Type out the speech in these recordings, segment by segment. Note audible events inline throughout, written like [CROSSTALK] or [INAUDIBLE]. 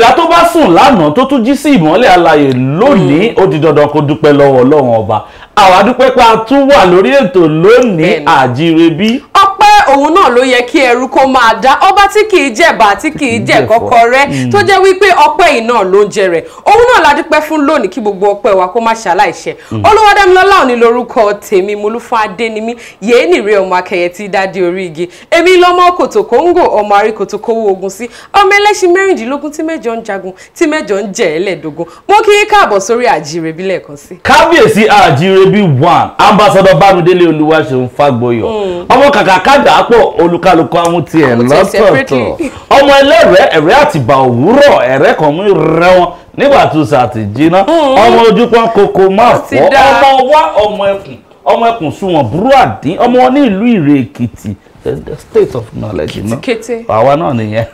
ẹ̀dá tó bá sùn lánàá tó tún jí sí ìmọ́lẹ̀ alààyè lónìí mm. ó di dandan kó dúpẹ́ lọ́wọ́ ọlọ́run ọba àwa dúpẹ́ pé a tún wà lórí ètò lónìí àjíire òun náà ló yẹ kí ẹrú kó máa dá ọba tí kì í jẹ̀bà tí kì í jẹ kọ́kọ́rẹ́ hmm. tó jẹ́ wípé ọpẹ́ yìí náà ló ń jẹ rẹ̀ òun náà la dúpẹ́ fún lónìí kí gbogbo ọpẹ́ wa kó má ṣàláìṣẹ hmm. Olúwadámilọ́lá òní lórúkọ tèmi Molúfún Adénímí yéé nìrè ọmọ akẹyẹ tí dádé orí igi èmi lọ́mọ kòtò kóńgò ọmọ àrí kòtò kówó ogun sí ọmọ ẹlẹ́ṣin mẹ́rìndínlógún tí mẹ́jọ ń jagun tí mẹ́jọ ń jẹ ẹlẹ́dógún mo kí í káàbọ̀ sórí àjírẹbí lẹ́ẹ̀kan sí. kábíyèsí àjírẹbí one ambassador bámidélé olúwaṣeun fàgbọyọ hmm. ọmọ kàkà kàdà lápọ̀ olúkálùkù àwọn tiẹ̀ lọ́tọ̀ọ̀tọ̀ ọmọ ẹlẹ́rẹ̀ẹ́ ẹ̀rẹ́ àtìbà òwúrọ̀ ẹ̀rẹ́ kan mú rẹ wọn nígbà tó sàtì jiná hmm. ọmọ ojúpọ́n koko máa fọ́ ọmọ wa ọmọ ẹkùn ọmọ ẹkùn sunwọ̀n burú àdín ọmọ ní ìlú ìrè èkìtì the state of knowledge àwa náà nìyẹn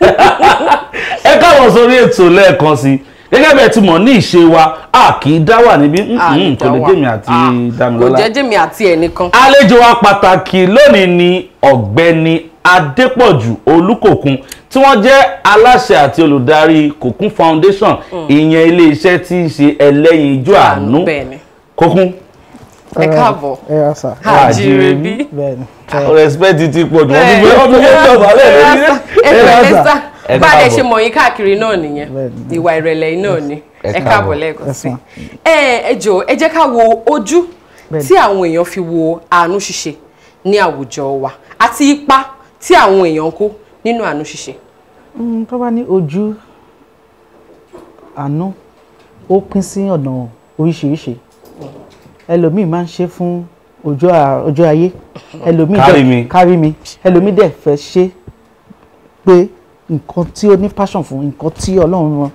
[LAUGHS] ẹ káwọn sórí ètò lẹ́ẹ̀kan sí i gẹ́gẹ́ bẹ́ẹ̀ ti mọ̀ ní ìṣe wa a kì í dá wà níbí kò lè jẹ́mi àti Dámilọ́lá kò jẹ́ jẹ́mi àti ẹnìkan. àlejò wa pàtàkì lónìí ni ọ̀gbẹ́ni Adépọ̀jù Olúkòkun tí wọ́n jẹ́ aláṣẹ àti olùdarí Kokun Foundation mm. ìyẹn iléeṣẹ́ tí í ṣe ẹlẹ́yin ijó ah, àánú Kokun ẹ káàbọ̀ àjíire bí. respect ti pọ̀ jù wọ́n ti gbé ọdún yẹn tó ọ̀sán lẹ́ẹ̀mejì ẹ pẹ̀lẹ́ sá bá a lè ṣe mọ̀ yín káàkiri náà nìyẹn ìwà ìrẹ̀lẹ̀ yìí náà ni ẹ káàbọ̀ lẹ́ẹ̀kan sí ẹ jọ ẹ jẹ́ ká wo ojú tí àwọn èèyàn fi wo àánú ṣíṣe ní àwùjọ wa àti ipa tí àwọn èèyàn kó nínú àánú ṣíṣe. Mm, tó bá ní ojú àánú ó pín sí ọ̀nà oríṣiríṣi ẹlòmíì máa ń ṣe fún ojú ayé ẹlòmíì dẹ̀ kárí mi ẹlòmíì dẹ̀ fẹ́ ṣe pé nǹkan tí ó ní passion fún nǹkan tí ọlọ́run wọn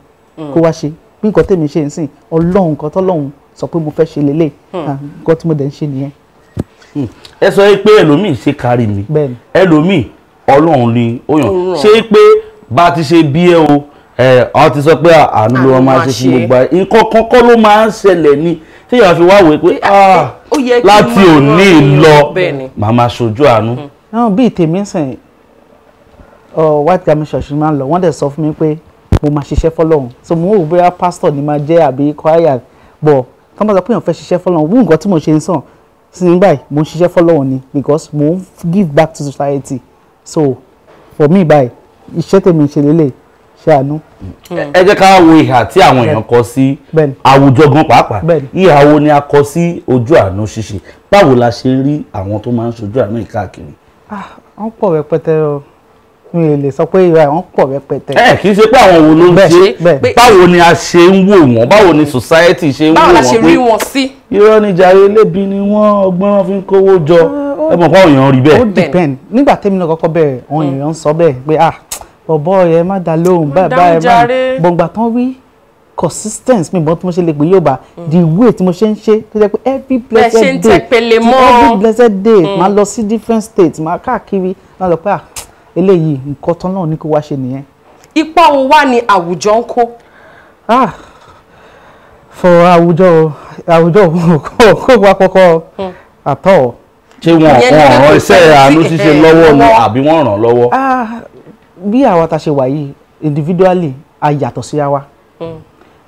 kó wá ṣe bí nǹkan tèmi ṣe ń sìn ọlọ́run nǹkan tọ́lọ́run sọ pé mo fẹ́ ṣe lélẹ̀ hmm. ah, nǹkan tí mo dẹ̀ ń ṣe nìyẹn. Hmm. ẹ sọ pé ẹlòmíì ṣe kárí mi ẹlòmíì ọlọ́run ni ó yàn ṣé pé bá a ti ṣe bí ẹ o ọ ti sọ pé àánú ló máa ṣe fún gbogbo ayé nǹkan kankan ló máa ń ṣẹlẹ̀ ni tí èèyàn fi wá wèé pé ah, láti òní lọ màá máa ṣojú àánú. Hmm. bí tèmi ń sìn white garment church ni máa ń lọ wọ́n dẹ̀ sọ fún mi pé mo máa ṣiṣẹ́ fọlọ́run so mo ń wò bóyá pastor ni máa jẹ́ àbí choir bọ̀ tó bá sọ pé èèyàn fẹ́ ṣiṣẹ́ fọlọ́run wú nǹkan tí mo ṣe ń sàn sí ní báyìí mo ń ṣiṣẹ́ fọlọ́run ni because mo ń give back to society so for me báyìí iṣẹ́ tèmi ṣe lélẹ̀ ṣàánú. ẹ jẹ́ ká wo ìhà tí àwọn èèyàn kọ sí àwùjọ gan pàápàá ìhà wo ni a kọ sí ojú àánú ṣíṣe báwo la ṣe rí àwọn tó máa ń ṣojú àánú ìkáàkiri. ah wọ́n pọ̀ rẹpẹtẹ o mi ò lè sọ pé ìwà wọn pọ̀ rẹpẹtẹ. ẹ kì í ṣe pé àwọn wo ló ń ṣe báwo ni a ṣe ń wò wọ́n báwo ni society ṣe ń wò wọ́n pé báwo la ṣe rí wọn sí. irọ́ ni jàre lébi ni wọ́n ọgbọ́n wọn fi ń kówó jọ ah, ẹ mọ̀ fáwọn èèyàn rí bẹ́ẹ̀. ó depend nígbà tẹ́mi náà kọ́kọ́ bẹ̀rẹ̀ àwọn hmm. èèyàn ń sọ bẹ́ẹ̀ pé ah bọ̀bọ̀ ẹ má dá lóhùn bàbá ẹ má gbọ̀ngbà tán rí consistence mi bọ́n tí mo ṣe lè pè yóò bá hmm. the way tí mo ṣe ń ṣe tó jẹ́ pé every blessed day every blessed day máa lọ sí different states máa káàkiri náà lọ pé ah eléyìí nǹkan tán náà ní kó wá ṣe nìyẹn. ipa wo wá ni àwùjọ ń kó. ah for àwùjọ àwùjọ [LAUGHS] kó wá kọ́kọ́ àtọ̀. Hmm. ṣé wọn wọn ràn iṣẹ́ àánú ṣíṣe lọ́wọ́ ni àbí wọ́n ràn lọ́wọ́. ah bí àwa ta ṣe wà yìí individually a yàtọ̀ síra wa hmm.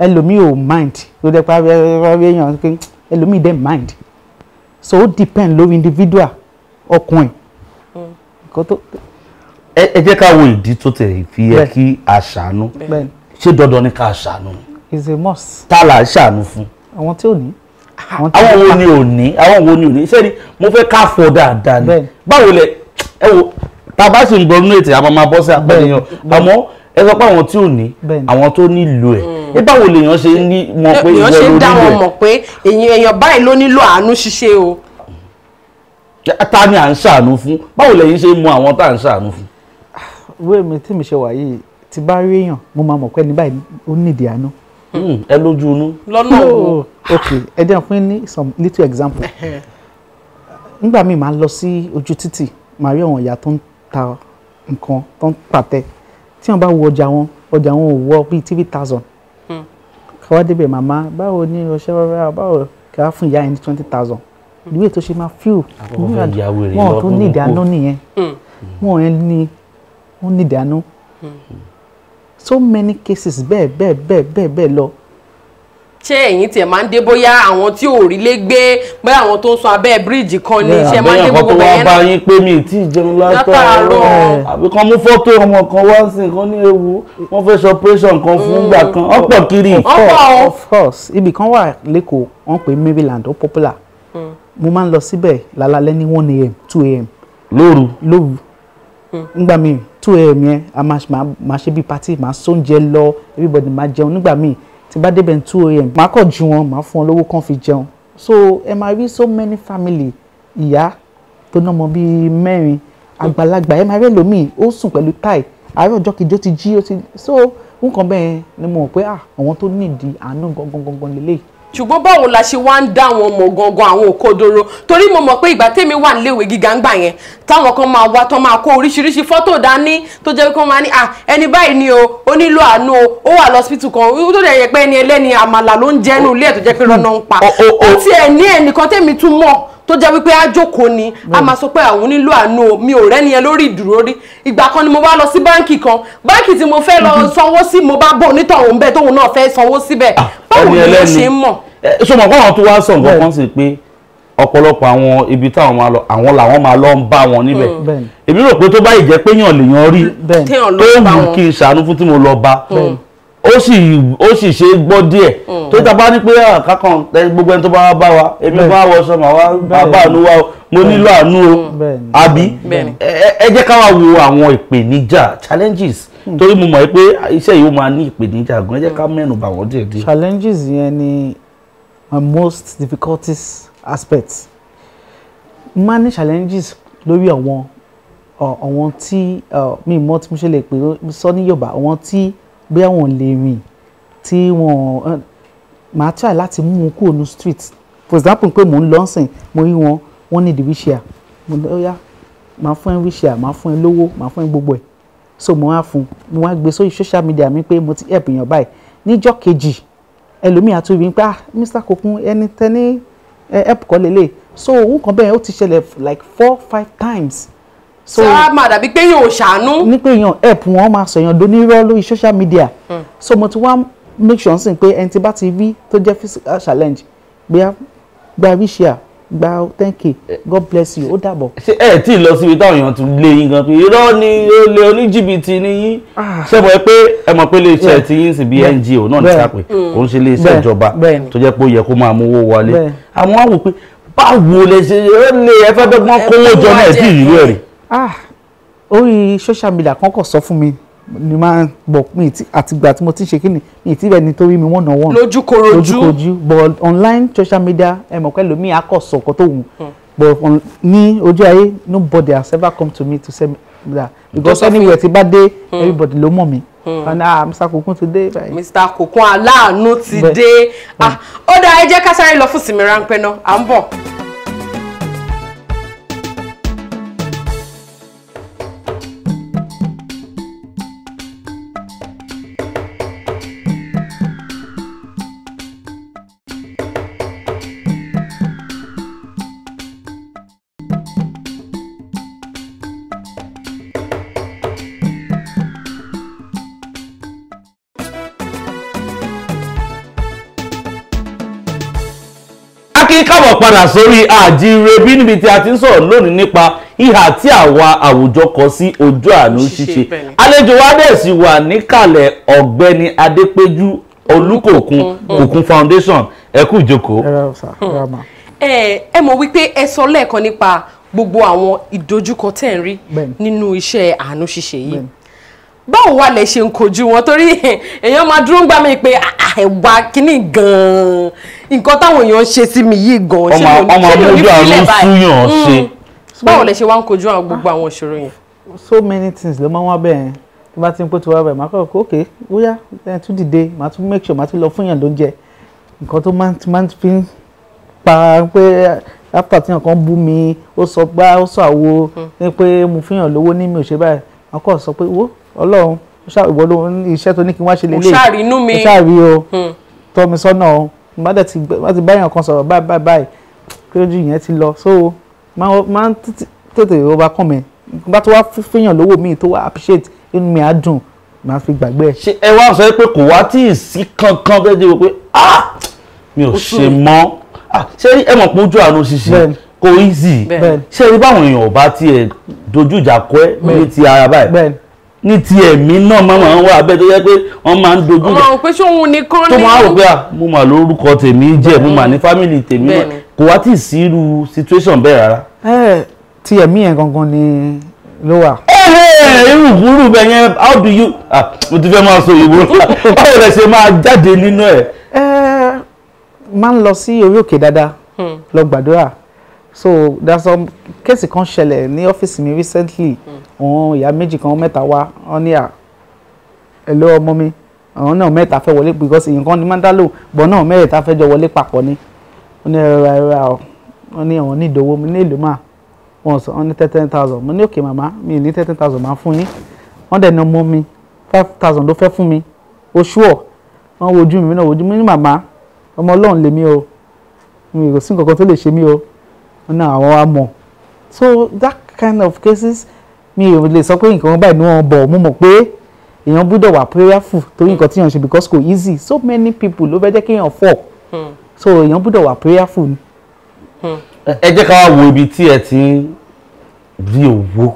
ẹlòmíì ò mind ló dẹ́ pa èèyàn pé ẹlòmíì dẹ́ mind so ó depend lórí individual ọkùnrin hmm. nǹkan tó ẹ jẹ́ ká wo ìdí tó tẹ̀ fi yẹ kí a ṣàánú ṣé dandan ni ká ṣàánú. is a must. ta la ṣàánú fún. àwọn tí ò ní. àwọn wo ni ò ní àwọn wo ni ò ní ṣé ni mo fẹ́ ká fọ dáadáa ni báwo lẹ ẹ wo tá a bá sì ń gbọ́ nínú ètè àmọ́ máa bọ́ sí àpẹẹrẹ àmọ́ ẹ sọ pé àwọn tí ò ní àwọn tó nílò ẹ mm. ẹ báwo lèèyàn ṣe ní mọ̀ pé ìwọ ló nílò ẹ. èèyàn ṣe ń dá wọn mọ̀ pé èèyàn báyìí ló nílò àánú ṣíṣe o. ta ni à ń ṣàánú fún báwo lẹ̀yin ṣe mọ̀ àwọn tá à ń ṣàánú fún wíwé mi tí mi ṣe wà yìí ti bá rí èèyàn mo máa mọ̀ pé ní báyìí ó nídìí àánú. Hmm, ẹ lójú inú. lọ́nà o. Oh, ok ẹ dẹ́n fún ní some little example. [LAUGHS] nígbà míì máa ń lọ sí ojú títì màá rí àwọn ìyá tó ń ta nǹkan tó ń pàtẹ tí wọ́n bá wo ọjà wọn ọjà wọn ò wọ bíi three thousand. Hmm. káwá débẹ̀ màmá báwo ni o ṣe rárá báwo káwá fún ìyá ẹni twenty thousand hmm. ìwé tó ṣe máa fíù wọn tó ní ìdáná nìyẹn wọn ẹ ní wọ́n ní ìdáná so many cases bẹ́ẹ̀ bẹ́ẹ̀ bẹ́ẹ̀ bẹ́ẹ̀ bẹ́ẹ̀ lọ. ṣé ẹ̀yin tiẹ̀ máa ń dé bóyá àwọn tí ò rí lé gbé bóyá àwọn tó ń sọ abẹ́ bíríìjì kan ní ṣe máa ń dé gbogbo bẹ́ẹ̀ náà. àbẹ́yàn kan tó wá bá yín pé mi ì tí ì jẹun látàárọ̀ àbí kan mú fọ́tò ọmọ kan wá sí nǹkan ní ewu wọ́n fẹ́ ṣe operation kan fún ìgbà mm. kan ọ̀pọ̀ kiri. of course ibì kan wà lẹ́kọ̀ọ́ wọ́n pè Maryland ó popular mm. mo máa ń lọ síbẹ̀ lálálẹ́ ní one a.m. two a.m. lóru lóru ngbà mm. míì two a.m. yẹn a máa ṣe bíi party máa sóúnjẹ lọ everybody máa jẹun nígbà míì tí bá débẹ̀ ní two a.m. máa kọ̀ ju wọn máa fún wọn lówó kán fi jẹun so ẹ máa rí so many family ìyá tó ná ọmọ bíi mẹ́rin àgbàlagbà ẹ máa rí ẹlòmíì ó sùn pẹ̀lú táì àárọ̀ ọjọ́ kejì ó ti jí ó ti so nǹkan bẹ́ẹ̀ ni mo mọ̀ pé àwọn tó nídìí àánú gangan gangan lélẹ́yìí ṣùgbọ́n báwo la ṣe wá ń dá àwọn ọmọ gangan àwọn òkodoro torí mo mọ̀ pé ìgbà tèmi wà níléèwé gíga ń gbà yẹn táwọn kan máa wá tán máa kó oríṣiríṣi fọ́tò dání tó jẹ́ pé kán máa ní à ẹni báyìí ni o ó nílò àánú o ó wà lọ́sípítù kan tó dẹ̀ yẹ pé ẹni ẹlẹ́ni àmàlà ló ń jẹ́nu ilé ẹ̀ tó jẹ́ pé rọ́nà ń pa ó tiẹ̀ ní ẹnìkan tèmi tún mọ̀ tó jẹ́ wípé àjòkó ni a máa sọ pé àwọn nílò àánú mi ò rẹ́ni lórí ìdúró rí ìgbà kan ni mo bá lọ sí báǹkì kan báǹkì tí mo fẹ́ lọ mm-hmm. sanwó sí mo bá bọ̀ onítọ̀hún bẹ́ẹ̀ tóun náà fẹ́ sanwó síbẹ̀ ah, báwo ni mo ṣe ń mọ̀. so mọ̀ fáwọn tó wá sọ nǹkan kan sí pé ọ̀pọ̀lọpọ̀ àwọn ibi táwọn máa lọ àwọn làwọn máa lọ ń bá wọn níbẹ̀ mm. èmi rò pé tó bá ìjẹ́ pé yàn lèèyàn rí tó wù kí ṣàánú fún tí mo lọ bá mm ó sì ó sì ṣe é gbọ́ díẹ̀ mm. tó ta bá ní pé àkákan ah, gbogbo ẹni tó bá wá bá wa èmi bá wọ sọ mà wá bá àánú wa mo nílò àánú o mm. àbí ẹ jẹ́ ká wá wo àwọn ìpèníjà challenges mm. torí mo mọ̀ pé iṣẹ́ yìí ó máa ní ìpèníjà gan ẹ jẹ́ ká mẹ́nu bà wọ́n díẹ̀ díẹ̀. challenges yẹn ni my most difficulties aspect máa challenges lórí àwọn àwọn tí mi mọ̀ tí mo ṣe lè pè sọ ní Yorùbá àwọn tí bóyá wọn lè rìn tí wọn máa try láti mú wọn kúrò ní street for example pé mò ń lọ sìn mo rí wọn wọn ní the wheelchair mo lọ yá màá fún ẹ wheelchair màá fún ẹ lówó màá fún ẹ gbogbo ẹ so mo wá fún mo wá gbé sórí social media mi pé mo ti help èèyàn báyìí níjọ́ kejì ẹlòmíì àti obìnrin pé ah Mr. Kokun ẹni tẹ́ni help kọ́ lélẹ̀ so òun kan bẹ́ẹ̀ ó ti ṣẹlẹ̀ like four five times so sáà máa dàbí pé yóò ṣàánú. ní pé èèyàn help wọn máa sọ̀yàn donírọ́ lórí social media mm. so mo ti wá make sure sin pé ẹni tí bá ti rí tó jẹ́ physical challenge gba gba rishia gba thank you god bless you ó dàbọ̀. ṣé ẹ tí ì lọ síbi táwọn èèyàn tún lé yín gan pé irọ́ ni olè oníjìbìtì ni yín ah. ṣé mo ẹ pé ẹ mọ̀ pé iléeṣẹ́ ti yín sí bí ngo náà ní sápè òun ṣe iléeṣẹ́ ìjọba tó jẹ́ pé ó yẹ kó máa mú owó wọlé àwọn á wò pé báwo lè ṣe ó lè ẹ fẹ́ bẹ́gbọ́n kówó jọ náà ẹ̀ tí ì rí rẹ̀ rí ah orí social media kan kò sọ fún mi ni máa bọ̀ mi àtìgbà tí mo ti ṣe kíni mi ti bẹ̀ nítorí mi wọ́n náà wọ́n lójúkorojú lójúkorojú but online social media ẹ mọ̀ pẹ́ lómi àkọ́sọ̀ kó tó wù hmm. but on, ní ojú ayé nobody has ever come to me to say that because anywhere ti bá dé hmm. everybody ló mọ̀ mi hmm. and ah Mr. Kokun ti dé Mr. Kokun aláàánú ti dé ah ó dáa ẹ jẹ́ ká sáré lọ fún sinmi ráńpẹ́ náà à ń bọ̀. ní káàbọ̀ padà sórí àjírẹ́bí níbi tí a ti ń sọ̀rọ̀ lónìí nípa ìhà tí àwa àwùjọ kọ sí ojú àánú ṣíṣe àlejò wa wà níkàlẹ̀ ọ̀gbẹ́ni adépẹ́jú olúkòkun kòkun mm, mm. foundation ẹ kú ìjókòó. Mm. ẹ mọ̀ wípé ẹ sọ lẹ́ẹ̀kan nípa gbogbo àwọn ìdojúkọ tẹ̀ ń rí nínú iṣẹ́ àánú ṣíṣe yìí báwo wà lẹ ṣe ń kojú wọn torí èèyàn máa dúró ń gbà mí pé ah ẹwà kínní gan-an nǹkan táwọn èèyàn ṣe sí mi yìí gan-an ṣé mo ní ìpínlẹ̀ báyìí mm. báwo lẹ ṣe wá ń kojú àwọn gbogbo àwọn ìṣòro yẹn. so many things ló máa ń wá bẹ́ẹ̀ yẹn tí bá ti ń pé tí wọ́n bẹ̀ máa kọ́ ok bóyá ẹ̀ tún dìde màá tún make sure màá tún lọ fún yàn lóúnjẹ nǹkan tó máa ń fi ń pa pé after tí nǹkan bú mi ó sọ gbá ó sọ àwo hmm. pé mo fún yàn lówó ní mi ò ṣe báyìí màá kọ́ sọ pé wo ọlọ́run ìwọ ló ní iṣẹ́ tó ní kí wọ́n ṣe lélẹ̀ ìṣàrínú mi ìṣàrí o hmm. tọ́ mi o ìmọ̀dẹ̀ ti wọ́n ti bá èèyàn kan sọ̀rọ̀ báyìí báyìí báyìí kí lójú yẹn ti lọ so máa ń tètè overcome mi bá tó wá fẹ́yàn lówó mi tó wá appreciate inú mi á dùn máa fi gbàgbé ẹ. ṣé ẹ wá sọ pé kò wá tí ì sí kankan bẹ́ẹ̀ dé wò pé ah mi ò ṣe mọ́ ah, ṣé ẹ mọ̀ pé ojú àánú ṣiṣẹ́ kò easy ṣé ẹ báwọn èèyàn ò bá tiẹ̀ dojú ìjà kọ́ ẹ ní ti ara báyìí ní ti ẹ̀mí náà máa máa ń wà abẹ́ tó yẹ pé wọ́n máa ń dojú rẹ̀ ọmọ pé ṣé nìkan ní. tó máa rò pé ah, mo mà lórúkọ tèmi jẹ́ mo mà ní fámìlì tèmi kò wá tí ì sí irú situation bẹ́ẹ̀ rárá. ẹ ti ẹ̀mí yẹn gangan ni ló wà. irú ìwúrú bẹ́ẹ̀ yẹn how do you ah mo ti fẹ́ máa sọ ìwúrú báwo lẹ ṣe máa jáde nínú ẹ̀. ẹ máa ń lọ sí orí òkè dáadáa hmm. lọ gbàdúrà so there's some kéèsì kan ṣẹlẹ̀ ní ọ́fíìsì mi recently àwọn ìyá méjì kan mẹ́ta wá wọ́n ní à ẹ̀lọ́ ọmọ mi àwọn náà mẹ́ta fẹ́ wọlé because èyí kan ní mandalo bọ̀ náà mẹ́ta fẹ́ jọ wọlé papọ̀ ni wọ́n ní ẹ̀rọ ẹ̀rọ ọ̀ wọ́n ní àwọn ní ìdòwò mi ní ìlú máa wọ́n sọ wọ́n ní thirteen thousand mo ní òkè màmá mi ní thirteen thousand máa fún yín wọ́n dẹ̀ ní ọmọ mi five thousand ló fẹ́ fún mi oṣù ọ̀ wọ́n wojú mi náà wojú mi ní màmá ọmọ ọlọ́run lèmi o mi kò sí nǹkan kan tó lè ṣe mí o wọn náà àwọn wa mọ̀ so that kind of cases mi ò lè sọ pé nǹkan báyìí ni wọ́n bọ̀ mo mọ̀ pé èèyàn gbọ́dọ̀ wà prayerful torí nǹkan tí èèyàn ṣe because kò easy so many people ló fẹ́ jẹ́ kéèyàn fọ̀ hmm. so èèyàn gbọ́dọ̀ wà prayerful ni. Hmm. ẹ jẹ́ ká wá wo ibi tí ẹ ti ń rí owó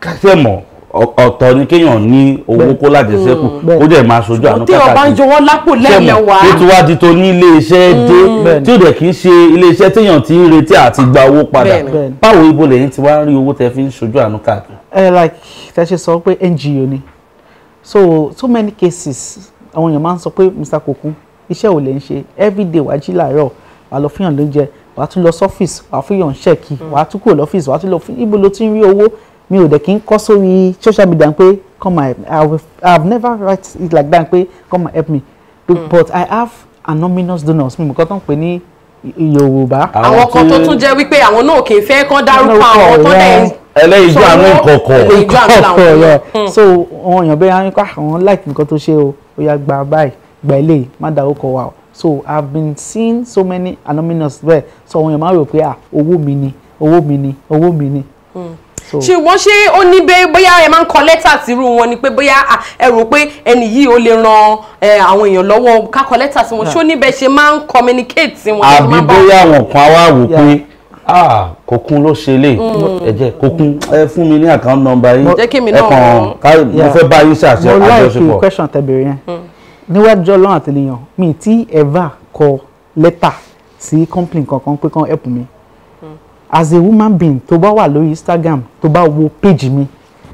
kásẹ̀ mọ́ ọ̀tọ̀ ni kéèyàn ní owó kó lájẹsẹ́kù mm. ó dẹ̀ máa sojú àánú káàkiri tí ọba ń jọwọ́ lápò lẹ́yìn wá tó tún wá di tó ní iléeṣẹ́ mm. dé tí ó dẹ̀ kì í ṣe iléeṣẹ́ téèyàn ti ń retí àti gba owó padà báwo ibo lẹ́yìn tí wá rí owó tẹ fi ń sojú àánú káàkiri. ẹ eh, like tẹ ṣe sọ pé NGO ni so too many cases àwọn èèyàn máa ń sọ pé Mr. Kokun iṣẹ́ ò lè ń ṣe everyday wàá jí làárọ̀ wàá lọ fíyàn lóúnjẹ wàá tún lọ sọ́fíìsì wàá fíyàn ṣẹ́ẹ̀kì mm. wàá tún kúrò lọ́fíìsì wàá tún lọ fún ibo ló ti ń rí owó mi ò dẹ̀ kí n kọ́ sórí social media pé come help me i have never write it like that pé come help me but, mm. but i have anonymous donors mi nǹkan tó ń pè ní yorùbá. àwọn kan tó tún jẹ́ wípé àwọn náà kì í fẹ́ kán dárúkọ àwọn tó dẹ̀ ẹlẹ́yinjú àánú ìkọ̀kọ̀ ìkọ̀kọ̀ rẹ̀ hmm. so àwọn èèyàn bẹ́ẹ̀ á ń ah, like nǹkan tó ṣe o ó yá gba báyìí gba eléyìí má dárúkọ wa o so i have been seeing so many anonymous bẹ́ẹ̀ so àwọn èèyàn máa rò pé ah owó mi ni owó mi ni owó mi ni. Hmm ṣùgbọ́n ṣé ó ní bẹ́ bóyá ẹ máa ń kọ lẹ́tà sírú wọn ni pé bóyá ẹ rò pé ẹni yìí ó lè ran àwọn èèyàn lọ́wọ́ ká kọ lẹ́tà sí wọn ṣó ní bẹ́ ṣe máa ń communicate sí wọn. àbí bóyá àwọn kan wá wò pé kòkun ló ṣe lè mm. ẹjẹ kòkun ẹ fún mi ní account number yín ẹ kàn mo fẹ́ bá yín ṣàṣẹ àjọṣepọ̀. mo láì kí question tẹ̀bẹ̀rẹ̀ yẹn mm. níwájú ọlọ́run àtìlẹyìn mi tí ever kọ lẹ́tà sí complain kankan pé kàn help mi as a woman being tó bá wà lórí Instagram tó bá wo page mi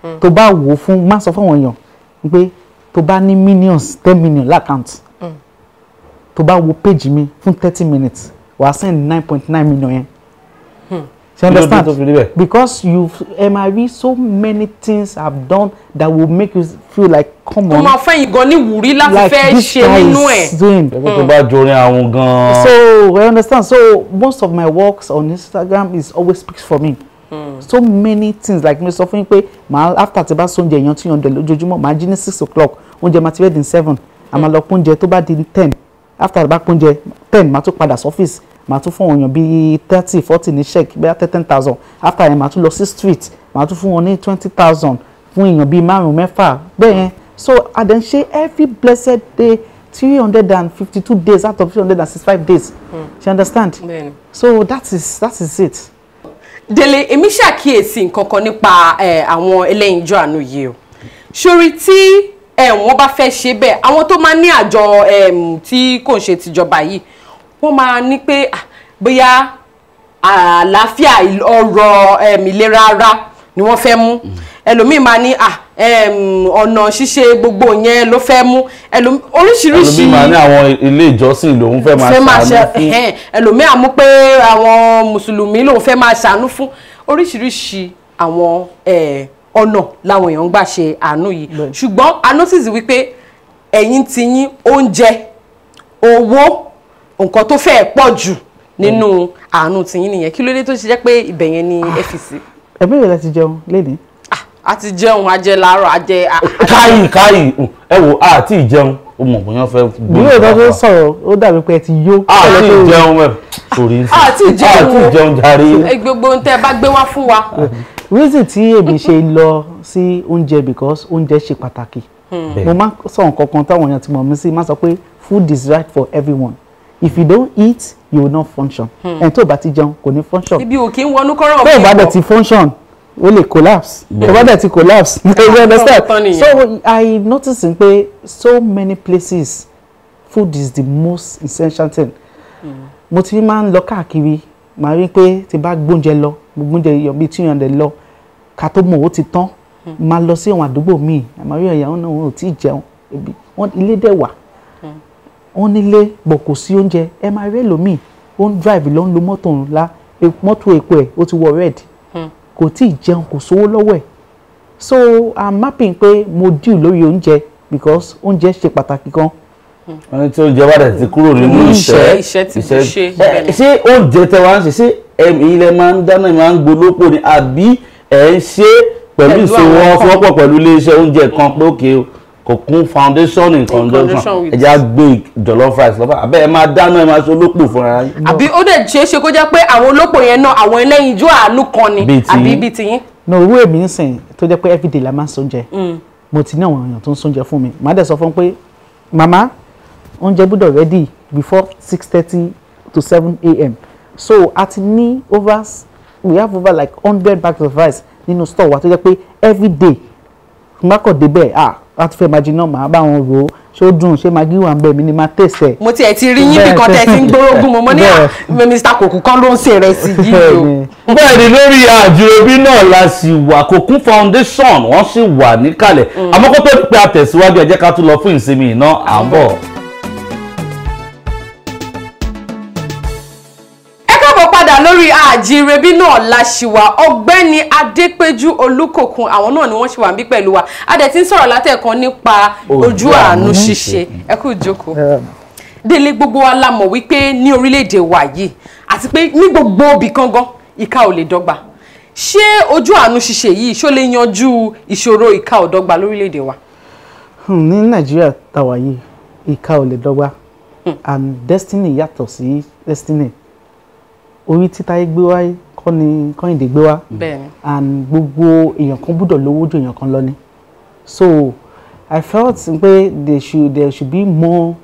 hmm. tó bá wò ó fún má sọ fáwọn èèyàn pé tó bá ní millions ten million l'account hmm. tó bá wo page mi fún thirty minutes wàá send nine point nine million yẹn you understand because you ẹ máa rí so many things I've done that will make you feel like come on. ọmọ afẹ́ yìí gan ni so I understand so most of my works on Instagram is always speaks for me. Mm. so many things like me sọ fún yín pé màá after ti bá so oúnjẹ èèyàn tí yàn dẹ̀ lójoojúmọ́ màá jí ní six o'clock oúnjẹ máa ti fẹ́ di seven àmàlọ́pọ̀ hmm. oúnjẹ tó bá di ten after bá pọ̀ oúnjẹ ten màá tún padà sọ́fíìsì màá tún fún òyàn bíi thirty forty ní check bẹ́ẹ̀ tẹ́ ten thousand after yẹn màá tún lọ sí street màá tún fún wọn ní twenty thousand fún èèyàn bíi márùn mẹ́fà bẹ́ẹ̀ yẹn so àdán ṣe every blessed day three hundred and fifty two days out of three hundred and sixty five days mm. you understand mm. so that is that is it. Dele, èmi ṣàkíyèsí nǹkan kan nípa àwọn ẹlẹ́yinjú àánú yìí o sórí tí wọ́n bá fẹ́ ṣe bẹ́ẹ̀ àwọn tó máa ní àjọ tí kò ń ṣe tìjọba yìí wọ́n máa ní pé ah, bóyá ah, àlàáfíà ọ̀rọ̀ ìlera ara ni wọ́n fẹ́ mú ẹlòmíì máa ní ah, ọ̀nà ṣíṣe gbogbo yẹn ló fẹ́ mú oríṣiríṣi ẹlòmíì máa ní àwọn ilé ìjọsìn lòun fẹ́ máa ṣàánú fún ẹlòmíì àmú pé àwọn mùsùlùmí lòun fẹ́ máa ṣàánú fún oríṣiríṣi àwọn ọ̀nà làwọn èèyàn ń gbà ṣe àánú yìí ṣùgbọ́n a wípé ẹ̀yin tiyín oúnjẹ owó nǹkan tó fẹ́ẹ̀ pọ̀ jù nínú mm. àánú tìyín nìyẹn kí ló dé tó ṣe jẹ́ pé ibẹ̀ ni ah. ẹ fi sí. ẹbí rẹ láti jẹun lénìí. Ah, a ti jẹun a jẹ láàárọ̀ a jẹ. káyì káyì mm, ẹ wo a ti jẹun o mọ̀ bóyá fẹ́ gbé. bí yóò dájú sọ̀rọ̀ ó dàbí pé ẹ ti yó. a ti jẹun ẹ sórí a ti jẹun jàre. gbogbo ohun tẹ́ bá gbé wá fún wa. Mm. reason tí èmi ṣe lọ sí oúnjẹ because oúnjẹ ṣe pàtàkì hmm. mo máa sọ nǹkan kan táwọn èèyàn ti mọ̀ mí sí máa sọ pé food is right for everyone if you don't eat you will not function hmm. ẹni tó bá ti jẹun kò ní function ibi ò kí ń wọnú kọ́rọ̀ mi bọ́ tó bá dẹ̀ ti function ó lè collapse tó bá dẹ̀ ti collapse [LAUGHS] you understand so i notice pé so many places food is the most essential thing hmm. mo ti máa ń lọ káàkiri màá rí pé tí bá gbóúnjẹ lọ gbóúnjẹ yọ bíi two hundred lọ ká tó mọ̀ ó ti tán máa hmm. lọ sí àwọn àdúgbò míì àmọ́ rí ẹ̀yà náà wọn ò tí ì jẹun ebi wọn ilé dẹ̀ wà wọ́n nílé bọ̀ kò sí oúnjẹ ẹ máa rí ẹlòmíì ó ń drive ló ń lo mọ́tò ńlá e, mọ́tò epo ẹ̀ ó ti wọ red hmm. kò tí ì jẹun kò sówó lọ́wọ́ ẹ̀ so i'm mapping pé mo deal lórí oúnjẹ because oúnjẹ ṣe pàtàkì gan ẹni tí oúnjẹ wà dẹ̀ ti kúrò nínú ìṣẹ́ hmm. ìṣẹ́ ti ṣe eh, ṣé oúnjẹ tẹ wá ń ṣe ṣé ẹ̀mí ilẹ̀ máa ń dáná máa ń gbolópò ni àbí ẹ̀ ń ṣe pẹ̀lú ìṣòwò ọ̀fọ̀pọ̀ pẹ̀lú iléeṣẹ́ oúnjẹ kan pé òkè o kò kún foundation in conjunction ẹ já gbé jollof rice lọ́fà àbẹ́ ẹ máa dáná ẹ máa ṣe olópò fúnra yín. àbí ó dẹ̀ ṣeé ṣe kó jẹ́ pé àwọn olópò yẹn náà àwọn ẹlẹ́yin ijó àánú kan ni àbí bíi tiyín. no owó èmi ń sìn tó jẹ́ pé everyday la máa ń sóúnjẹ mm. mo ti ní àwọn èèyàn tó ń sóúnjẹ fún mi màá dẹ̀ sọ fún pé màmá oúnjẹ gbúdọ̀ ready before six thirty to seven a.m. so a ti ní over we have over like hundred bags of rice nínú store wa tó jẹ́ pé everyday mákọ̀dé bẹ́ẹ̀ ah a tún fẹ́ máa jiná màá bá wọn rò ó ṣó dùn ṣé magi wà ń bẹ̀ mí ni máa tẹ̀sẹ̀. mo tiẹ̀ ti rí yín nìkan tẹ̀ ti ń gbórógùn mo mọ́ ní ah, Mr. Kòkú kan ló ń ṣe rẹ̀ sí yìí o. bẹ́ẹ̀ lórí àjòyòbí náà la sì wà Kòkú Foundation wọ́n sì wà níkàlẹ̀ mm. àmọ́ kó tó di pé a tẹ̀síwájú ẹ jẹ́ ká tún lọ fún ìsinmi iná à ń bọ̀. lórí àjírẹ́bí náà la ṣì wà ọ̀gbẹ́ni adépẹ́jú olúkòkun àwọn náà ni wọ́n ṣì wà níbí pẹ̀lú wa a dẹ̀ ti ń sọ̀rọ̀ látẹ̀kan nípa ojú àánú ṣíṣe ẹ kú ìjókòó délé gbogbo wa la mọ̀ wípé ní orílẹ̀-èdè wa yìí àti pé ní gbogbo ibì kangan ìka ò lè dọ́gba ṣé ojú àánú ṣíṣe yìí ṣó lè yanjú ìṣòro ìka ò dọ́gba lórílẹ̀-èdè wa. Hmm, ní nàìjíríà tàwa yìí ìka ò lè dọ́gba hmm. and destiny yàtọ̀ sí destiny orí tí Táyé gbé wáyé kọ́ ni Kọ́hìndé gbé wá and gbogbo èèyàn kan gbúdọ̀ lówó ju èèyàn kan lọ ni so I felt pé there should there should be more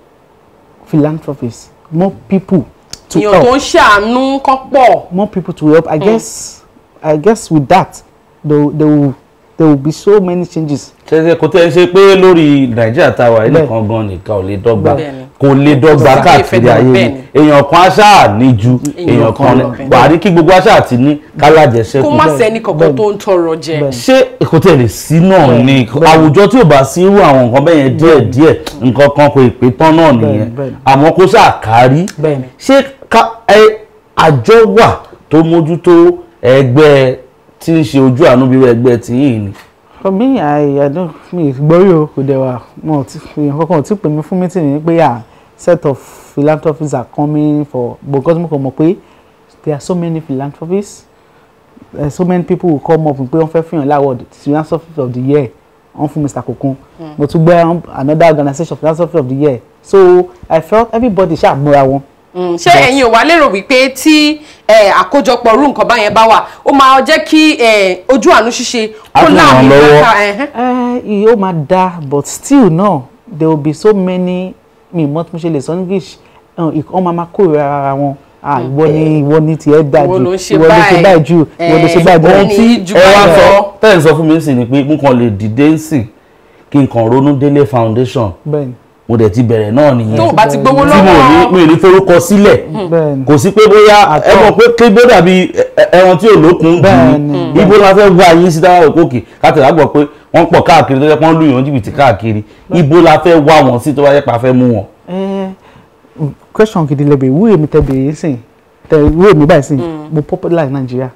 philanthropists more people to help èèyàn tó ń ṣàánú kọ́ pọ̀ more people to help I hmm. guess I guess with that they will there will be so many changes. ṣẹṣẹ kò tẹ́ ṣe pé lórí nàìjíríà tá a wà ilé kan gan nìkan ò lè dọ́gba kò lè dọ́gba káàkiri ayé ni èèyàn kan aṣáà ní ju èèyàn kan wà á ní kí gbogbo aṣáà ti ní kálàjẹsẹ́kù. kó má sẹ́ni kankan tó ń tọrọ jẹ. ṣé kò tẹ̀lé sí náà ni àwùjọ tí ò bá sí irú àwọn nǹkan bẹ́ẹ̀ yẹn díẹ̀ díẹ̀ nǹkan kan kò pé tán náà nìyẹn àmọ́ kó ṣáà kárí ṣé àjọ wà tó mójútó ẹgbẹ́ tí ń ṣe ojú àánú bíi ẹgbẹ́ tìyìn ni for me i i don't mi gbori o kò dẹ̀ wá wọn ò tí nǹkan kan ò tí pè mí fún mítìnì pé à set of philanthropists are coming for because mo kàn mọ̀ pé there are so many philanthropists uh, so many people will come up pé wọ́n fẹ́ fihàn láwọ̀ philanthropist of the year wọ́n fún Mr. Kokun hmm. mo tún gbé another organisation philanthropist of the year so I felt everybody ṣáà múra wọn hmm, ṣé ẹ̀yin ò wá lérò wípé tí eh, àkójọpọ̀ irú nǹkan báyẹn bá wà ó máa jẹ́ kí eh, ojú àánú ṣíṣe kó láàmú lọ́wọ́. ó máa da but still náà no, there will be so many mi mọ́ tí mo ṣe lè sọ english ọmọ máa kórìíra ara wọn hmm. ìwọ ni eh, ìwọ ni tiẹ̀ dájú ìwọ ló ṣe báyìí ju ìwọ ló ṣe báyìí eh, ju ohun eh, tí ẹ wá sọ tẹ́ ẹ̀ sọ fún mi sì ni pé mo kàn lè dìde sí kí n kàn ronú délé foundation. bẹ́ẹ̀ni mo dẹ̀ ti bẹ̀rẹ̀ náà nìyẹn tó bá ti gbowó lọ́wọ́ mi ò ní forúkọ sílẹ̀ hmm. kò sí pé bóyá ẹ mọ̀ pé kí bó dàbí ẹran tí ò lókun jù hmm. ibo la fẹ́ wá yín sí dára òkòkè kátìrà gbọ́ pé wọ́n pọ̀ káàkiri tó jẹ́ pọ́n lù yàn jìbìtì káàkiri ibo la fẹ́ wá wọn sí tó bá jẹ́ pa fẹ́ mú wọn. Eh, question gidi lẹbi ìwúre mi tẹbi èyí sìn tẹ ìwúre mi báyìí sìn hmm. mo popular in Nigeria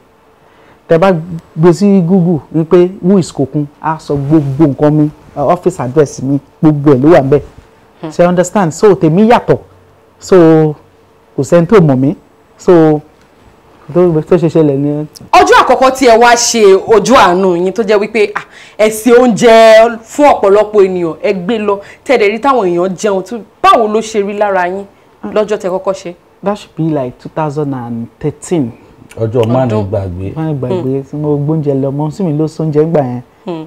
tẹ bá gbé sí Google wípé who is á sọ gbogbo nǹkan mi office address mi gbogbo ẹ̀ ló wà bẹ́ẹ̀ Hmm. So I understand so tèmi yàtọ̀ so kò sẹ́ni tó mọ̀ mí so tó ṣe ṣẹlẹ̀ ni. ọjọ́ àkọ́kọ́ tí ẹ wá ṣe ojú àánú yín tó jẹ́ wípé ẹ ṣe oúnjẹ fún ọ̀pọ̀lọpọ̀ ènìyàn ẹ gbé lọ tẹ̀lé rí táwọn èèyàn jẹun tó báwo ló ṣe rí lára yín ah. lọ́jọ́ tẹ kọ́kọ́ ṣe. that should be like two thousand and thirteen. ọjọ́ mánu gbàgbé. mánu gbàgbé hmm. tí mo gbóúnjẹ lọ mọ sí mi ló sóúnjẹ gbà yẹn hmm.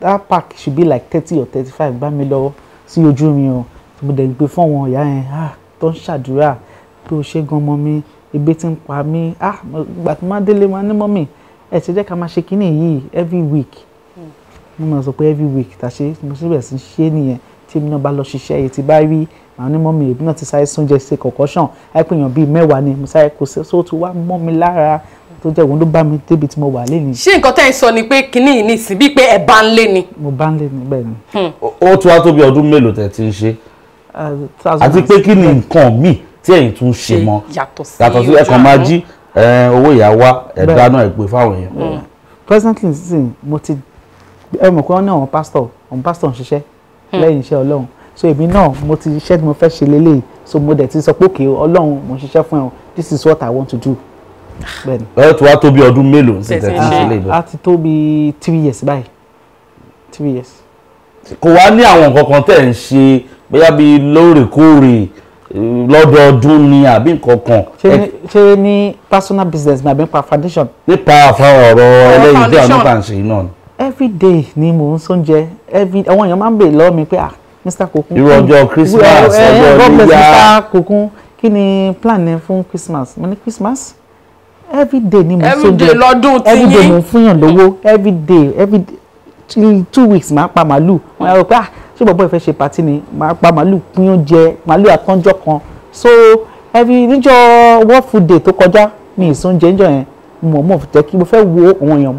that pack should be like thirty or thirty-five bá mi lọ́wọ́ sí ojú mi o mo dẹ̀ ń gbé fún àwọn ìyá yẹn ah tó ń ṣàdúrà pé o ṣe gan ọmọ mi ebi ti ń pa mí ah ìgbà tí má délé má ní mọ́mì ẹ ti jẹ́ ká máa ṣe kíní yìí every week hmm. mo máa sọ pé every week tà ṣe mo sì bẹ̀rẹ̀ sí ṣe nìyẹn tí èmi náà bá lọ ṣiṣẹ́ èyí ti bá rí àwọn ní mọ́mì èmi náà ti sáré sóúnjẹ ṣe kọ̀kọ́ṣàn ẹ pé èèyàn bíi mẹ́wàá ni mo sáré kó sí ó ti wá mọ́ mi lára tó jẹ́ òun ló bá mi débi tí mo wà lé ṣé nǹkan tẹ́ ẹ sọ ni pé kinní yìí ní ìsìn pé ẹ bá ń lé ni. mo bá ń lé ni bẹ́ẹ̀ ni. Hmm. ó tún wá tó bí ọdún mélòó tẹ̀ ti ń ṣe ah, àti pé kí ni nǹkan míì tí ẹ̀yin tún ṣe mọ́ yàtọ̀ sí ẹ̀kan máa jí owó ìyá wa ẹ̀dá náà ẹ̀ pé fáwọn èèyàn. Hmm. presently sin mo ti ẹ mọ̀ pé wọ́n ní àwọn pastor àwọn pastor ń ṣiṣẹ́ hmm. lẹ́yìn iṣẹ́ ọlọ́run so èmi náà mo ti iṣẹ́ tí mo fẹ́ ṣe lélẹ́yìí so mo dẹ̀ ti sọ pé òkè ọlọ́run mo ń ṣiṣẹ́ fún ẹ o this is what i want to do ẹ ti wá tó ọdún mélòó sí a ti tó three years báyìí three years. kò wá ní àwọn nǹkan kan tẹ̀ ń ṣe bóyá bíi lóòrèkóòrè lọ́dọọdún ni àbí nǹkan kan. ṣé personal business ni àbí nípa foundation. nípa ọ̀rọ̀ ẹlẹ́yìí tí àwọn kan ṣe náà ni. every day ni mo ń sóúnjẹ every àwọn èèyàn máa ń bèèrè lọ́wọ́ mi pé ah mr kokun. irú ọjọ́ christmas eh, ọjọ́ ìyá. god bless mr kokun kí ni plan ni fún christmas mo ní christmas everyday ni mo sóúnjẹ everyday lọ́dún tí yín everyday mo fúnyàn lówó everyday everyday two weeks ma, pa malu. wọn yàrá pé ah ṣé bọ̀bọ̀ ìfẹ́ ṣe pàtí ni Ma, pa màálù pín oúnjẹ màálù àtọ́jọ́ kan so every níjọ what food day To kọjá mi ìsóúnjẹ níjọ yẹn mo mọ̀ jẹ́ ki mo fe wo àwọn èèyàn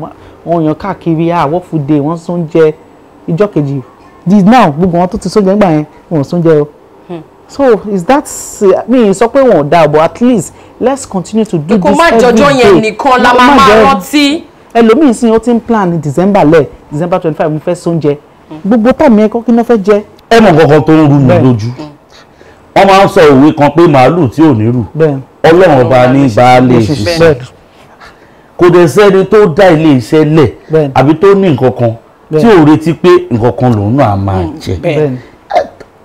àwọn èèyàn káàkiri ah What food day wọ́n sóúnjẹ ìjọ keji. This now gbogbo wọn to ti sóúnjẹ nígbà yẹn wọn ò sóúnjẹ o so is that uh, mi sọ pé wọn ò dáa but at least let's continue to do Iko this every day. kò má jọjọ yẹn nìkan la máa sin ó ti ń plan december le. december twenty five mo fẹ́ sóúnjẹ gbogbo tàmí ẹ̀kọ́ kí ni wọ́n fẹ́ jẹ. ẹ mọ kankan tó ń rú mi lójú wọ́n máa ń sọ òwe kan pé màálù tí ò ní rù ọlọ́run ọba ní baálé ìṣiṣẹ́ kò dẹ̀ sẹ́ni tó dá ilé iṣẹ́ lẹ̀ àbí tó ní nǹkan kan tí ò retí pé nǹkan kan lòun náà máa mm, jẹ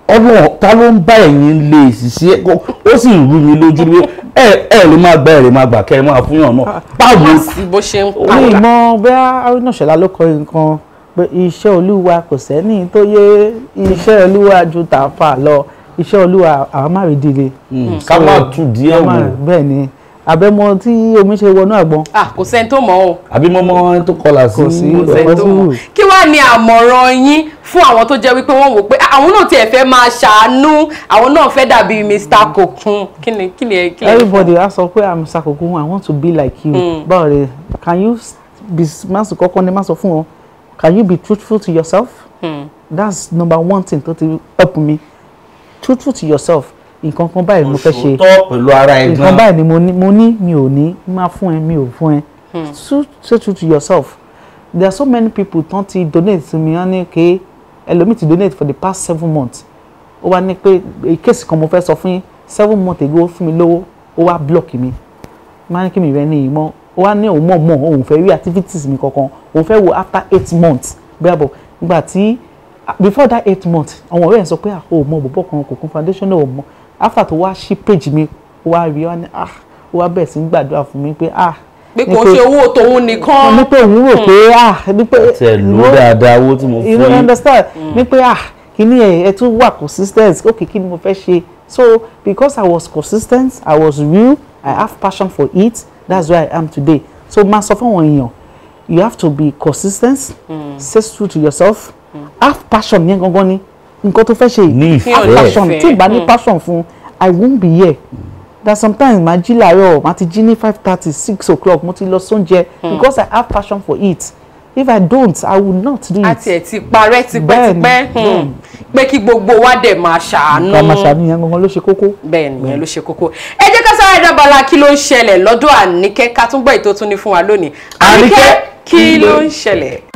ọlọ́run ta ló ń bá ẹ̀yin lè ṣiṣẹ́ ó sì rú mi lójú pé ẹ ẹ lè máa gba èrè máa gbà kẹ́ ẹ máa fún yàn náà báwo. bó ṣe ń pa ọ̀la. ìmọ̀ bẹ́ẹ̀ arúnà ṣọlá ló kọ nǹkan pé iṣẹ́ olúwa kò sẹ́ni tó yé iṣẹ́ olúwa ju tàfà lọ iṣẹ́ olúwa àwọn máa rí dìde. Hmm, hmm. ká má tún díẹ̀ wò. bẹ́ẹ̀ ni àbẹ̀mọ tí omi ṣe wọnú àgbọn. ah kò sẹ́ni tó mọ̀ o. àbí mo mọ ẹni tó kọlà sí i. kò sí ẹni tó mọ̀ kí wàá ní àmọ̀ràn yín fún àwọn tó jẹ́ wípé wọ́n wò pé ah, àwọn náà tiẹ̀ fẹ́ máa ṣàánú àwọn náà fẹ́ dàbí Mr. Kokun kí ni kí ni ẹ kí ni. everybody á sọ pé i'm ah, Mr. Kokun i want to be like you mm. báwo rẹ can you be má sọ kọ́kọ́ ni má sọ fún ọ can you be truthful to yourself mm. that's number one thing tó ti help me truthful to yourself nǹkan kan báyìí mo fẹ́ ṣe nǹkan báyìí ni mo ní mi ò ní máa fún ẹ mi ò fún ẹ so hmm. true to yourself there are so many people tán ti donate to me wọn ní kéé ẹlòmíì ti donate for the past seven months ó wá ní pé kéèsì kan mo fẹ́ sọ fún yín seven months ago fún mi lówó ó wá block mi máa ní kí mi rẹ ní ìmọ̀ ó wá ní òun mọ̀ mọ̀ òun fẹ́ rí activities mi kankan òun fẹ́ wo after eight months bẹ́ẹ̀ bọ̀ nígbà tí before that eight months àwọn ọ̀rẹ́ ẹ̀ sọ pé àwọn ah, ò mọ bọ̀bọ̀ kan kò kún foundation náà ò mọ after tó wá sí page mi ó wá rí ó wá ní ah ó wá bẹ̀rẹ̀ sí gbàdúrà fún mi pé ah pé kò ṣe owó tòun nìkan. ní pé òun rò pé hmm. ah ní pé. tẹ ló dáadáa owó tí mo fún yín. you understand hmm. ní pé ah kíní ẹ ẹ tún wà consistent okay kí ni mo fẹ́ ṣe so because i was consistent i was real i have passion for it that's where i am today so máa sọ fún àwọn èèyàn you have to be consistent mm. say true to yourself hmm. have passion yẹn gangan ni nǹkan tó fẹ́ ṣe ní have passion tí ìgbà ní passion fún i won't be here. Mm that sometimes ma jí láàárọ̀ ma ti jí ní five thirty six o'clock mo ti lọ sóúnjẹ hmm. because I have passion for it if I don't I will not do it. àti ẹ̀ ti parẹ́ tipẹ́tipẹ́ hmm. hmm. pé kí gbogbo wa dẹ̀ máa ṣàánú. ká máa ṣàánú yẹn gangan ló ṣe kókó. bẹ́ẹ̀ni yẹn ló ṣe kókó. ẹ jẹ́ ká sáré dábàlá kí ló ń ṣẹlẹ̀ lọ́dọ̀ àníkẹ́ ká tún gbọ́ ètò tún ní fún wa lónìí. àníkẹ́ kí ló ń ṣẹlẹ̀.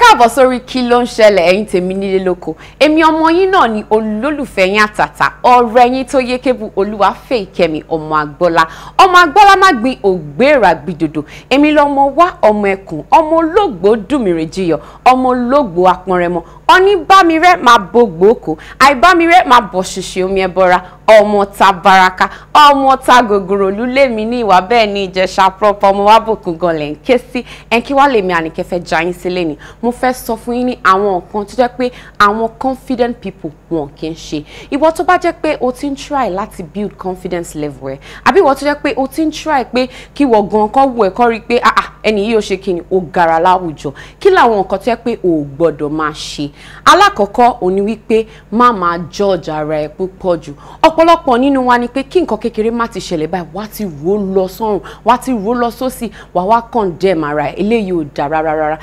káàbọ̀ sórí kí ló ń ṣẹlẹ̀ ẹ̀yin tèmi nílé lóko èmi ọmọ yín náà ni olólùfẹ́ yín àtàtà ọ̀rẹ́ yín tó yé kébù olúwa fẹ́ ìkẹ́mi ọmọ agbọ́lá ọmọ agbọ́lá má gbin ògbéra gbìdòdò èmi lọ́mọ wá ọmọ ẹkùn ọmọ olóògbò dùnmìrìn jiyọ̀ ọmọ olóògbò apọnrẹmọ ọní bámirẹ́ máa bo gbòókò àìbámirẹ́ máa bọ̀ ṣìṣì omi ẹbọra ọmọ ta baraka ọmọ ta gògòrò lulẹ̀ mi ní ìwà bẹ́ẹ̀ ní ìjẹ̀ṣà pọ̀pọ̀ ọmọ wa bòkun gan lẹ̀ ń ké sí ẹn kí wá lèmi ànìkẹ́ fẹ́ já yín ni mo fẹ́ sọ fún yín ní àwọn nǹkan tó jẹ́ pé àwọn confident people wọn kì í ṣe ìwọ tó bá jẹ́ o ti ń try láti build confidence level ẹ̀ àbí ìwọ tó jẹ́ pé o ti ń try pé kí wọ́n gan kọ́ wù ẹ̀ kọ́ rí i ah ah eni yìí ó ṣe kí ni ó gara láwùjọ kí làwọn nǹkan tó jẹ́ pé o ò gbọ́dọ̀ máa alákọ̀ọ́kọ́ òní wípé má máa judge ara ẹ púpọ̀ jù ọ̀pọ̀lọpọ̀ nínú wa ni pé kí nǹkan kékeré má ti ṣẹlẹ̀ báyìí wá ti wò ó lọ sọ́run wá ti wò lọ sósì wá wá condemn ara ẹ eléyìí ò dá rárá rárá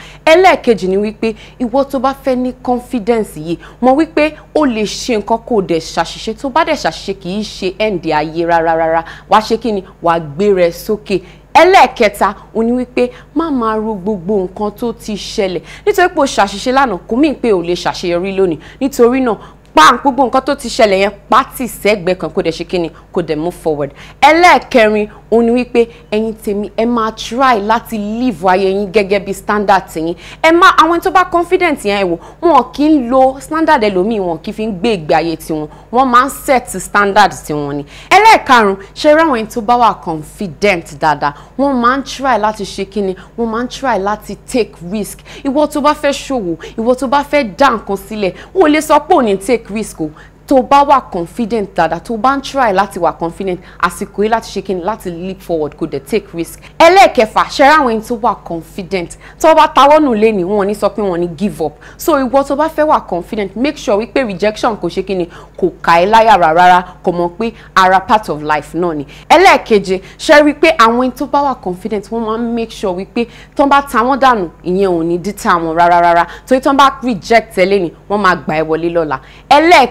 ni wípé ìwọ tó bá fẹ́ ní confidence yìí mọ̀ wípé o lè ṣe nǹkan kó o dẹ̀ ṣàṣìṣe tó bá dẹ̀ ṣàṣìṣe kì í ṣe ẹ̀ǹdẹ̀ ayé rárá rárá wá ṣe kí ni wàá gbé rẹ sókè ẹlẹ́ẹ̀kẹta òun ni wípé má máa ro gbogbo nǹkan tó ti ṣẹlẹ̀ nítorí pé o ṣàṣìṣe lánàá kò mí pé o lè ṣàṣeyọrí lónìí nítorí náà pa gbogbo nǹkan tó ti ṣẹlẹ̀ yẹn pátì sẹ́gbẹ̀ẹ́ kan kó dẹ̀ ṣe kí ni kó dẹ̀ move forward ẹlẹ́ẹ̀kẹrin òun ni wípé ẹ̀yin tèmi ẹ máa try láti live ayé yín gẹ́gẹ́ bí standard tìyín ẹ má àwọn tó bá confident yẹn ẹ wò wọn kì í lo standard ẹlòmíì wọn kì í fi ń gbé ìgbé ayé tiwọn wọn máa ń set standard tiwọn ni ẹlẹ́ẹ̀karùn-ún ṣe ráwọn ẹni tó bá wà confident dáadáa wọn máa ń try láti ṣe kíni wọn máa ń try láti take risk ìwọ tó bá fẹ́ ṣòwò ìwọ tó bá fẹ́ dá nǹkan sílẹ̀ wọn ò lè sọ pé ò take risk o tó bá wà confident dáadáa tó bá ń try láti wà confident àsìkò yìí láti ṣe kí ni láti leap forward kó dẹ̀ take risk ẹlẹ́ẹ̀kẹfà ṣẹ́ra àwọn ẹni tó wà confident tó bá tawọ́ nù lé ní wọn ní sọ pé wọn ní give up so ìwọ tó bá fẹ́ wà confident make sure wípé rejection kò ṣe kí ni kò kà ẹ́ láyà rárá kò mọ̀ pé ara part of life náà ni ẹlẹ́ẹ̀keje ṣe rí i pé àwọn ẹni tó bá wà confident wọ́n máa ń make sure wípé tó bá ta wọ́n dànù ìyẹn ò ní dí ta wọn rárá rárá torí tó bá reject ẹ lé ni wọ́n máa gbà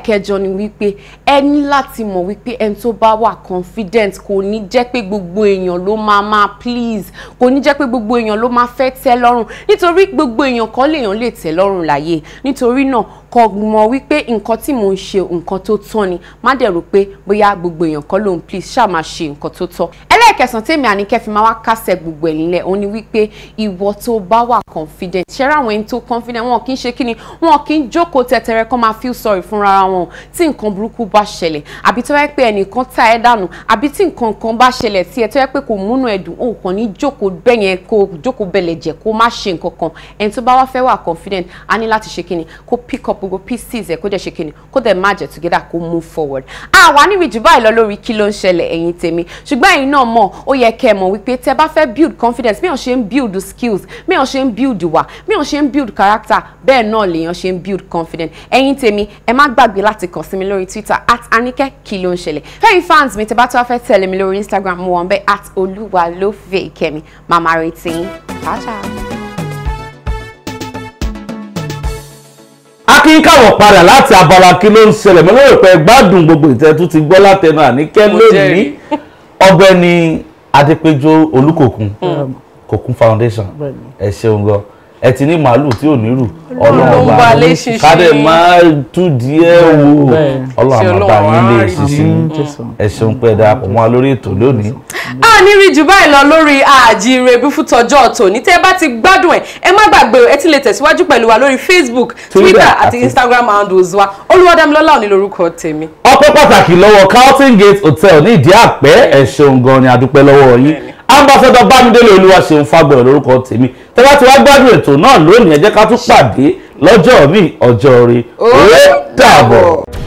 ẹ ni wípé ẹ ní láti mọ̀ wípé ẹni tó bá wà confident kò ní jẹ́ pé gbogbo èèyàn ló máa máa please kò ní jẹ́ pé gbogbo èèyàn ló máa fẹ́ tẹ́ lọ́rùn nítorí gbogbo èèyàn kan lèèyàn lè tẹ́ lọ́rùn láyé nítorí náà kọ mọ̀ wípé nǹkan tí mò ń ṣe nǹkan tó tọ́ ni má dẹ̀ rò pé bóyá gbogbo èèyàn kan ló please ṣáà máa ṣe nǹkan tó tọ́ ẹ ẹlẹ́ẹ̀kẹsàn tèmi àníkẹ́ fi máa wá kásẹ̀ gbogbo ẹ̀ nílẹ̀ òun ni wípé ìwọ tó bá wà confident ṣẹ́ra àwọn ẹni tó confident wọn kì í ṣe kíni wọn kì í jókòó tẹ̀tẹ̀rẹ̀ kọ́ máa feel sorry fúnra wọn tí nǹkan burúkú bá ṣẹlẹ̀ àbí tó yẹ pé ẹnìkan ta ẹ dànù àbí tí nǹkan kan bá ṣẹlẹ̀ sí ẹ tó yẹ pé kò múnú ẹ dùn òun kàn ní jókòó bẹ́yẹn kó jókòó bẹ̀lẹ̀ jẹ́ kó má ṣe nǹkan kan ẹni tó bá wá fẹ́ wà confident á ní láti ṣe pick up gbogbo pieces ẹ kó dẹ̀ ṣe together kó move forward. àwa níbi jù báyìí lọ lórí kí ló ń ṣẹlẹ̀ ẹ̀yin mọ̀ ó yẹ kẹ́ mọ̀ wípé tẹ́ bá fẹ́ build confidence bí wọ́n ṣe ń build skills bí wọ́n ṣe ń build ìwà bí wọ́n ṣe ń build character bẹ́ẹ̀ náà lèèyàn ṣe ń build confidence ẹ̀yin tèmi ẹ má gbàgbé láti kàn sí mi lórí Twitter at Anike kí ló ń ṣẹlẹ̀ fẹ́yìn fans mi tẹ́ bá tó wá fẹ́ tẹ̀lé mi lórí Instagram mo wọ̀n bẹ́ at Olúwalófèkẹ́mi màmá retí yín pàṣà. akín káwọ̀ padà láti abala kí ló ń ṣẹlẹ̀ mọ́ lórí pé gbádùn gbogbo ìtẹ́tù ti gbọ́ látẹnu Àníkẹ́ lónìí ọ̀gbẹ́ni Adépéjú Olúkòkun hmm. Kòkun foundation ẹ ṣeun gan ẹ ti ní màálù tí ò nírù ọlọ́run bá lè ṣiṣẹ́ kádẹ máa tú díẹ̀ wò ọlọ́run bá yín lè ṣiṣẹ́ mm, ẹ ṣeun pé darapọ̀ mọ́ lórí ètò lónìí. a ní rí jù báyìí lọ lórí àjíire bífú tọjọ́ tòní tẹ́ ẹ bá ti gbádùn ẹ̀ ẹ má gbàgbé ẹ ti lè tẹ̀síwájú pẹ̀lú wa lórí Facebook Twitter àti Instagram handles wa Olúwadámilọ́lá òní lórúkọ tèmi. ọpẹ́ pàtàkì lọ́wọ́ Carlton Gate Hotel ní Ìdí Àpẹ́ ẹ ṣeun gan ni a dúpẹ́ yín ambassador bámidélé olúwaṣeun fagbọ̀rọ̀ lórúkọ tèmi tẹ́lá ti wá gbádùn ètò náà lónìí ẹ jẹ́ ká tún pàdé lọ́jọ́ mi ọjọ́ rí ó dàbọ̀.